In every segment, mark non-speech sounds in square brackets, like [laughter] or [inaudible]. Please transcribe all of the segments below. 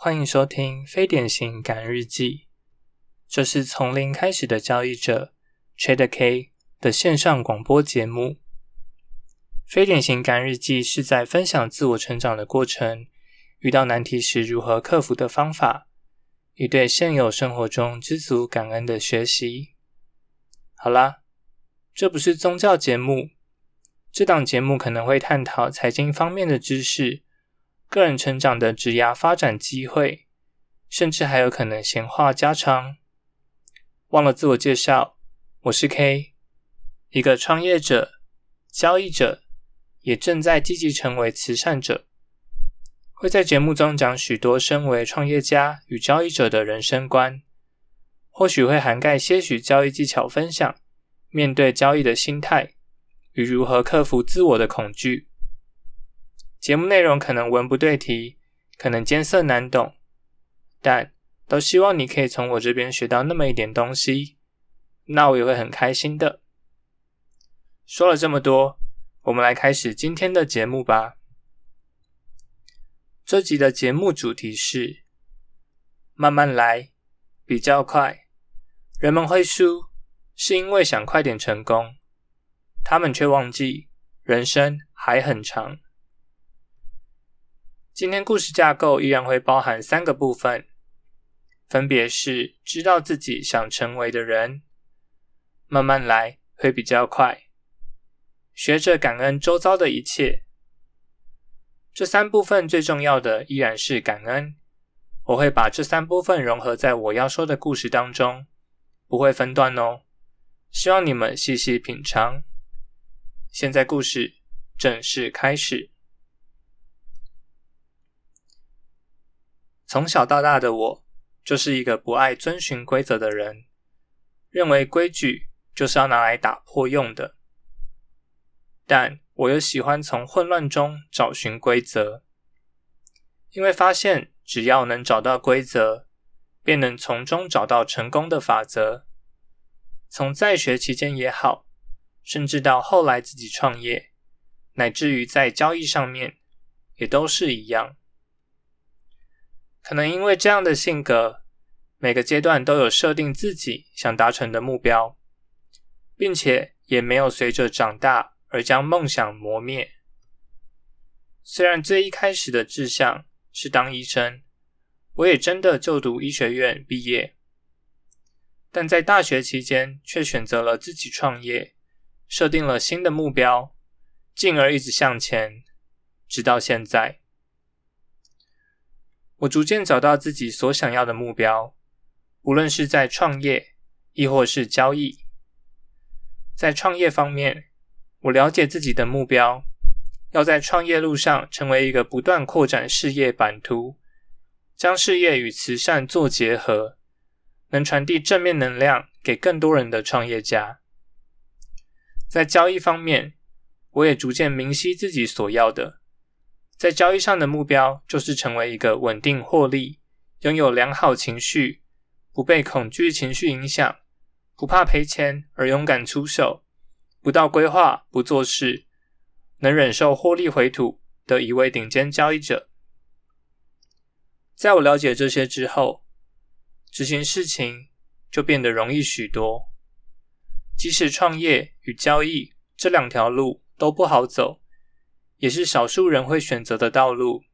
歡迎收聽《非典型感恩日記》，這是從零開始的交易者 Trader K 的線上廣播節目。《非典型感恩日記》是在分享自我成長的過程，遇到難題時如何克服的方法，與對現有生活中知足感恩的學習。好啦，這不是宗教節目，這檔節目可能會探討財經方面的知識。個人成長的職涯發展機會，甚至還有可能閒話家常。忘了自我介紹，我是 K，一個創業者、交易者，也正在積極成為慈善者。會在節目中講許多身為創業家與交易者的人生觀，或許會涵蓋些許交易技巧分享，面對交易的心態與如何克服自我的恐懼。節目內容可能文不對題，可能艱澀難懂，但都希望你可以從我這邊學到那麼一點東西，那我也會很開心的。說了這麼多，我們來開始今天的節目吧。這集的節目主題是：慢慢來，比較快，人們會輸，是因為想快點成功，他們卻忘記人生還很長。今天故事架構依然會包含三個部分，分別是知道自己想成為的人，慢慢來會比較快，學着感恩周遭的一切。這三部分最重要的依然是感恩，我會把這三部分融合在我要說的故事當中，不會分段哦。希望你們細細品嘗。現在故事正式開始。從小到大的我，就是一個不愛遵循規則的人，認為規矩就是要拿來打破用的。但我又喜歡從混亂中找尋規則，因為發現只要能找到規則，便能從中找到成功的法則。從在學期間也好，甚至到後來自己創業，乃至於在交易上面，也都是一樣。可能因為這樣的性格，每個階段都有設定自己想達成的目標，並且也沒有隨着長大而將夢想磨滅。雖然最一開始的志向是當醫生，我也真的就讀醫學院畢業，但在大學期間卻選擇了自己創業，設定了新的目標，進而一直向前，直到現在。我逐漸找到自己所想要的目標，無論是在創業亦或是交易。在創業方面，我了解自己的目標，要在創業路上成為一個不斷擴展事業版圖、將事業與慈善做結合、能傳遞正面能量給更多人的創業家。在交易方面，我也逐漸明晰自己所要的。在交易上的目標就是成為一個穩定獲利、擁有良好情緒、不被恐懼情緒影響、不怕賠錢而勇敢出手、不到規劃不做事、能忍受獲利回吐的一位頂尖交易者。在我了解這些之後，執行事情就變得容易許多。即使創業與交易這兩條路都不好走。也是少數人會選擇的道路，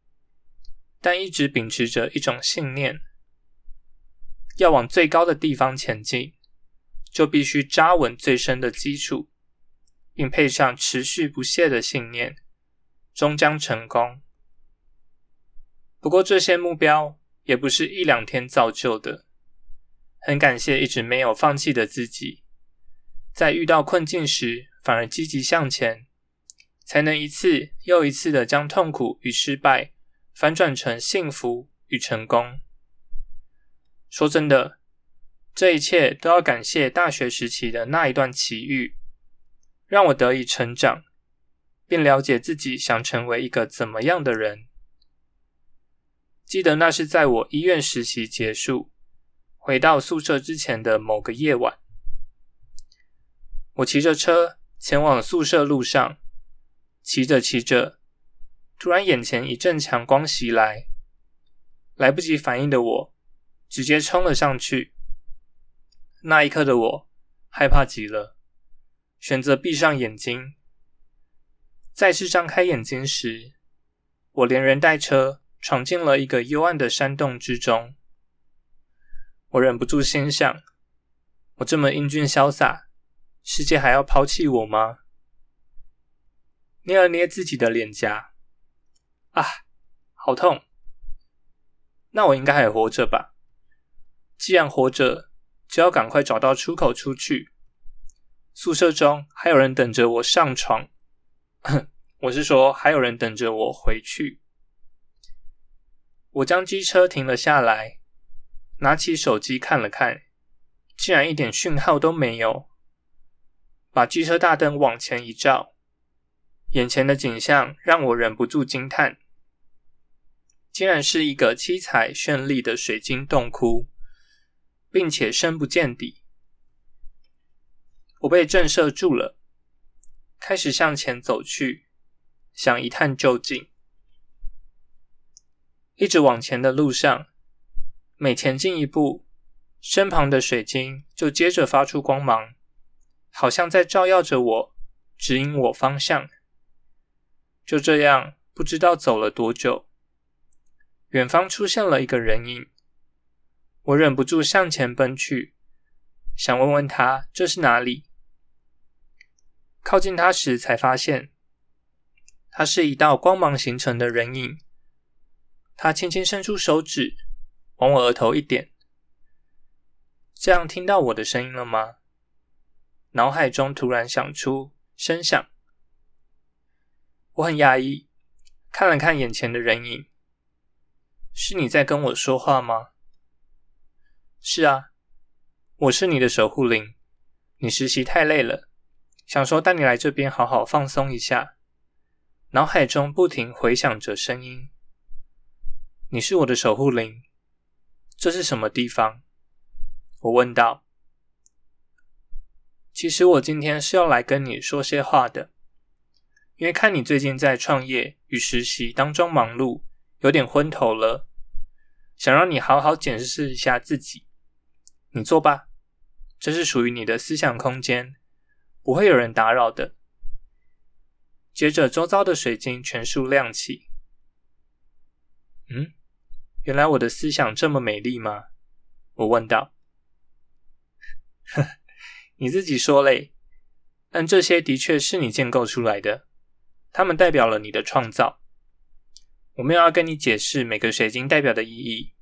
但一直秉持着一種信念，要往最高的地方前進，就必須扎穩最深的基礎，並配上持續不懈的信念，終將成功。不過這些目標也不是一兩天造就的。很感謝一直沒有放棄的自己，在遇到困境時反而積極向前。才能一次又一次的將痛苦與失敗反轉成幸福與成功。說真的，這一切都要感謝大學時期的那一段奇遇，讓我得以成長，並了解自己想成為一個怎麼樣的人。記得那是在我醫院實習結束，回到宿舍之前的某個夜晚，我騎着車前往宿舍路上。騎着騎着，突然眼前一陣強光襲來，來不及反應的我直接衝了上去。那一刻的我害怕極了，選擇閉上眼睛。再次張開眼睛時，我連人帶車闖進了一個幽暗的山洞之中。我忍不住心想，我這麼英俊瀟灑，世界還要拋棄我嗎？捏了捏自己的臉頰，啊，好痛！那我應該還活着吧？既然活着，就要趕快找到出口出去。宿舍中還有人等着我上床，哼，我是說還有人等着我回去。我將機車停了下來，拿起手機看了看，竟然一點訊號都沒有。把機車大燈往前一照。眼前的景象讓我忍不住驚嘆，竟然是一個七彩絢麗的水晶洞窟，並且深不見底。我被震懾住了，開始向前走去，想一探究竟。一直往前的路上，每前進一步，身旁的水晶就接着發出光芒，好像在照耀着我，指引我方向。就這樣，不知道走了多久，遠方出現了一個人影。我忍不住向前奔去，想問問他這是哪裡。靠近他時才發現，他是一道光芒形成的人影。他輕輕伸出手指，往我額頭一點。這樣聽到我的聲音了嗎？腦海中突然響出聲響。我很訝異，看了看眼前的人影，是你在跟我說話嗎？是啊，我是你的守護靈。你實習太累了，想說帶你來這邊好好放鬆一下。腦海中不停迴響着聲音，你是我的守護靈。這是什麼地方？我問道。其實我今天是要來跟你說些話的。因為看你最近在創業與實習當中忙碌，有點昏頭了，想讓你好好檢視一下自己。你坐吧，這是屬於你的思想空間，不會有人打擾的。接着，周遭的水晶全數亮起。嗯，原來我的思想這麼美麗嗎？我問道。呵， [laughs] 你自己說嘞，但這些的確是你建構出來的。他們代表了你的創造。我沒有要跟你解釋每個水晶代表的意義。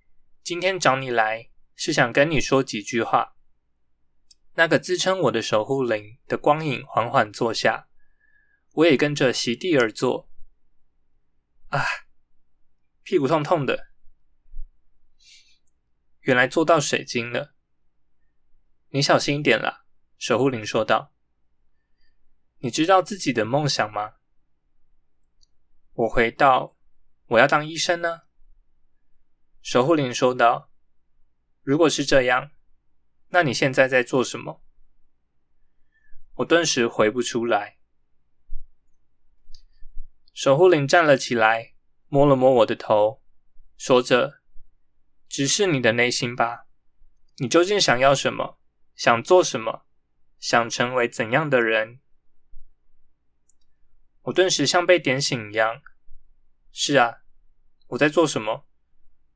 今天找你來，是想跟你說幾句話。那個自稱我的守護靈的光影緩緩坐下，我也跟着席地而坐。啊，屁股痛痛的，原來坐到水晶了。你小心一點啦，守護靈說道。你知道自己的夢想嗎？我回道：“我要當醫生呢。”守護靈說道：“如果是這樣，那你現在在做什麼？”我頓時回不出來。守護靈站了起來，摸了摸我的頭，說着：“直視你的內心吧，你究竟想要什麼？想做什麼？想成為怎樣的人？”我頓時像被點醒一樣，是啊，我在做什麼？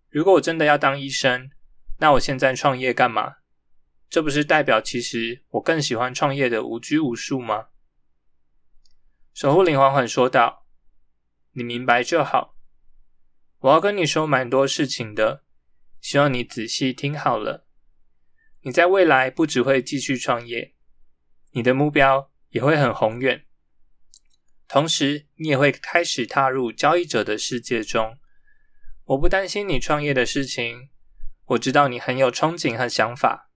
如果我真的要當醫生，那我現在創業幹嘛？這不是代表其實我更喜歡創業的無拘無束嗎？守護靈緩緩說道：“你明白就好，我要跟你說蠻多事情的，希望你仔細聽好了。你在未來不只會繼續創業，你的目標也會很宏遠。”同時，你也會開始踏入交易者的世界中。我不擔心你創業的事情，我知道你很有憧憬和想法，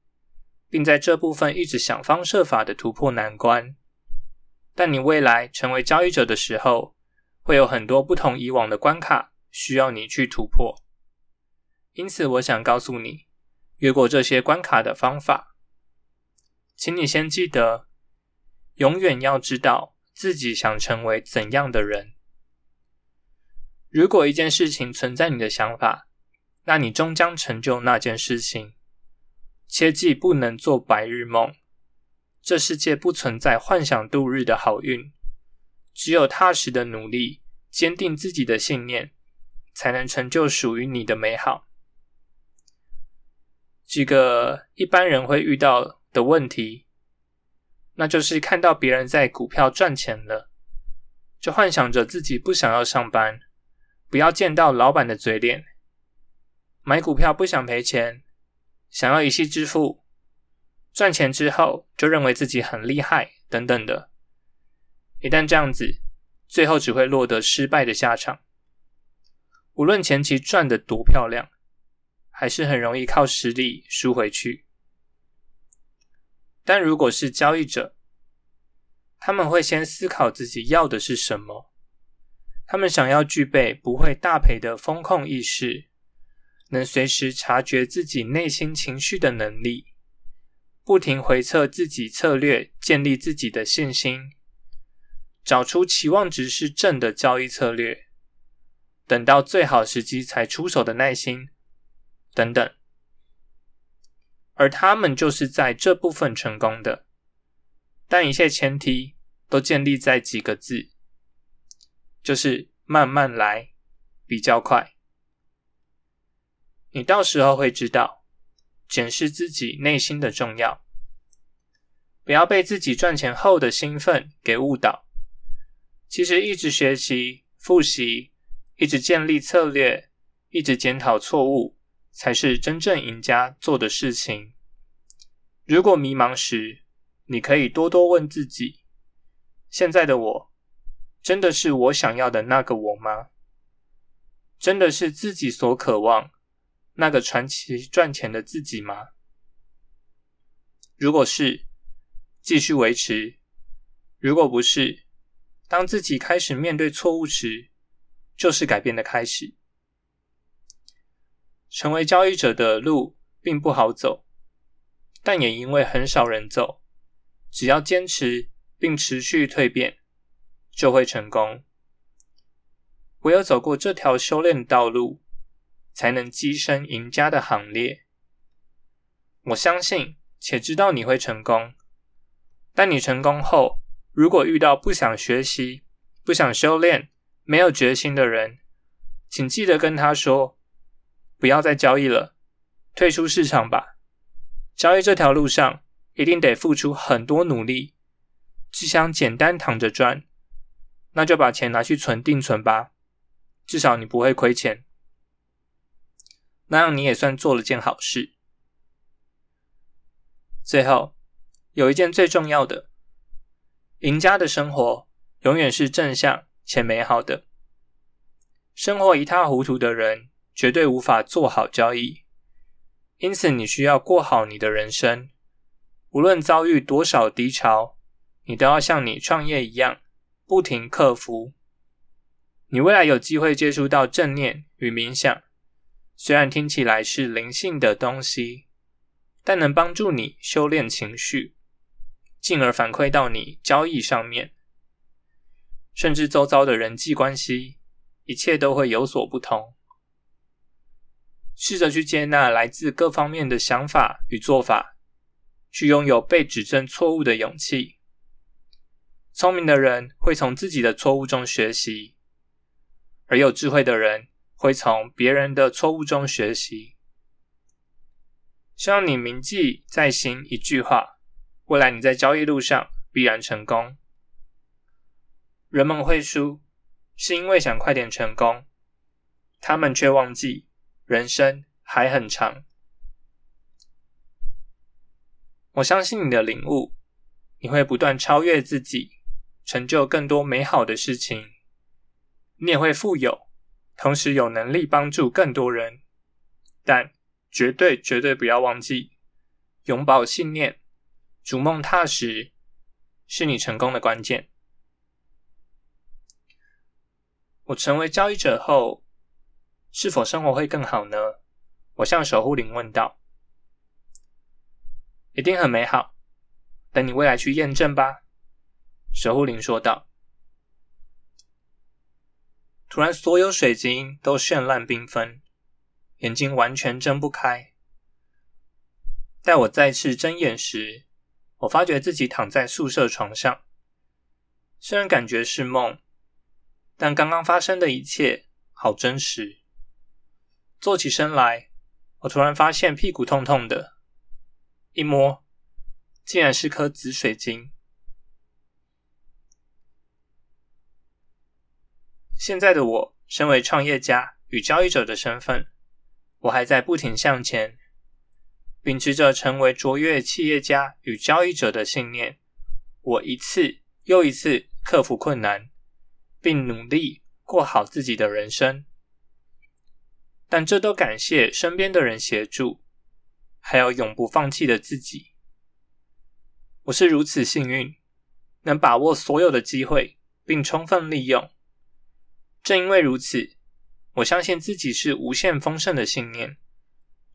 並在這部分一直想方設法的突破難關。但你未來成為交易者的時候，會有很多不同以往的關卡需要你去突破。因此，我想告訴你，越過這些關卡的方法，請你先記得，永遠要知道。自己想成為怎樣的人？如果一件事情存在你的想法，那你終將成就那件事情。切記不能做白日夢，這世界不存在幻想度日的好運，只有踏實的努力，堅定自己的信念，才能成就屬於你的美好。幾個一般人會遇到的問題，那就是看到別人在股票賺錢了，就幻想着自己不想要上班，不要見到老板的嘴臉，買股票不想賠錢，想要一夕致富，賺錢之後就認為自己很厲害等等的。一旦這樣子，最後只會落得失敗的下場。無論前期賺得多漂亮，還是很容易靠實力輸回去。但如果是交易者，他們會先思考自己要的是什麼。他們想要具備不會大賠的風控意識，能隨時察覺自己內心情緒的能力，不停回測自己策略，建立自己的信心，找出期望值是正的交易策略，等到最好時機才出手的耐心，等等。而他們就是在這部分成功的，但一切前提都建立在幾個字，就是慢慢來，比較快。你到時候會知道，檢視自己內心的重要，不要被自己賺錢後的興奮給誤導。其實一直學習、復習，一直建立策略，一直檢討錯誤。才是真正贏家做的事情。如果迷茫時，你可以多多問自己：現在的我，真的是我想要的那個我嗎？真的是自己所渴望那個傳奇賺錢的自己嗎？如果是，繼續維持；如果不是，當自己開始面對錯誤時，就是改變的開始。成為交易者的路並不好走，但也因為很少人走，只要堅持並持續蛻變，就會成功。唯有走過這條修煉道路，才能躋身贏家的行列。我相信且知道你會成功，但你成功後，如果遇到不想學習、不想修煉、沒有決心的人，請記得跟他說。不要再交易了，退出市場吧。交易這條路上，一定得付出很多努力。只想簡單躺着賺，那就把錢拿去存定存吧，至少你不會虧錢。那樣你也算做了件好事。最後，有一件最重要的，贏家的生活永遠是正向且美好的。生活一塌糊塗的人，絕對無法做好交易，因此你需要過好你的人生。無論遭遇多少低潮，你都要像你創業一樣，不停克服。你未來有機會接觸到正念與冥想，雖然聽起來是靈性的東西，但能幫助你修煉情緒，進而反饋到你交易上面。甚至周遭的人際關係，一切都會有所不同。試着去接納來自各方面的想法與做法，去擁有被指正錯誤的勇氣。聰明的人會從自己的錯誤中學習，而有智慧的人會從別人的錯誤中學習。希望你銘記在心一句話，未來你在交易路上必然成功。人們會輸，是因為想快點成功，他們卻忘記，人生還很長，我相信你的領悟，你會不斷超越自己，成就更多美好的事情。你也會富有，同時有能力幫助更多人。但絕對絕對不要忘記，永葆信念，逐夢踏實，是你成功的關鍵。我成為交易者後，是否生活會更好呢？我向守護靈問道。「一定很美好，等你未來去驗證吧。」守護靈說道。突然，所有水晶都絢爛繽紛，眼睛完全睜不開。待我再次睜眼時，我發覺自己躺在宿舍床上。雖然感覺是夢，但剛剛發生的一切好真實。坐起身來，我突然發現屁股痛痛的，一摸，竟然是顆紫水晶。現在的我，身為創業家與交易者的身份，我還在不停向前，秉持着成為卓越企業家與交易者的信念，我一次又一次克服困難，並努力過好自己的人生。但這都感謝身邊的人協助，還有永不放棄的自己。我是如此幸運，能把握所有的機會，並充分利用。正因為如此，我相信自己是無限豐盛的信念，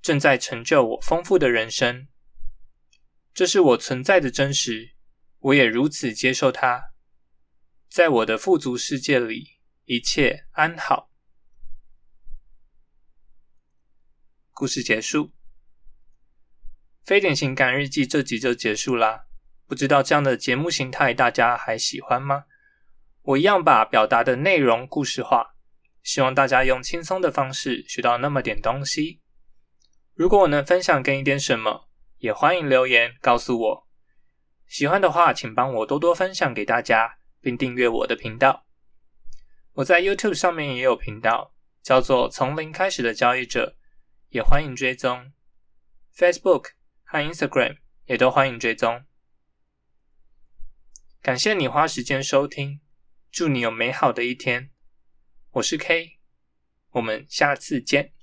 正在成就我豐富的人生。這是我存在的真實，我也如此接受它。在我的富足世界裡，一切安好。故事結束，《非典型感日記》這集就結束啦。不知道這樣的節目形態大家還喜歡嗎？我一樣把表達的內容故事化，希望大家用輕鬆的方式學到那麼點東西。如果我能分享給一點什麼，也歡迎留言告訴我。喜歡的話，請幫我多多分享給大家，並訂閱我的頻道。我在 YouTube 上面也有頻道，叫做《從零開始的交易者》。也歡迎追蹤，Facebook 和 Instagram 也都歡迎追蹤。感謝你花時間收聽，祝你有美好的一天。我是 K，我們下次見。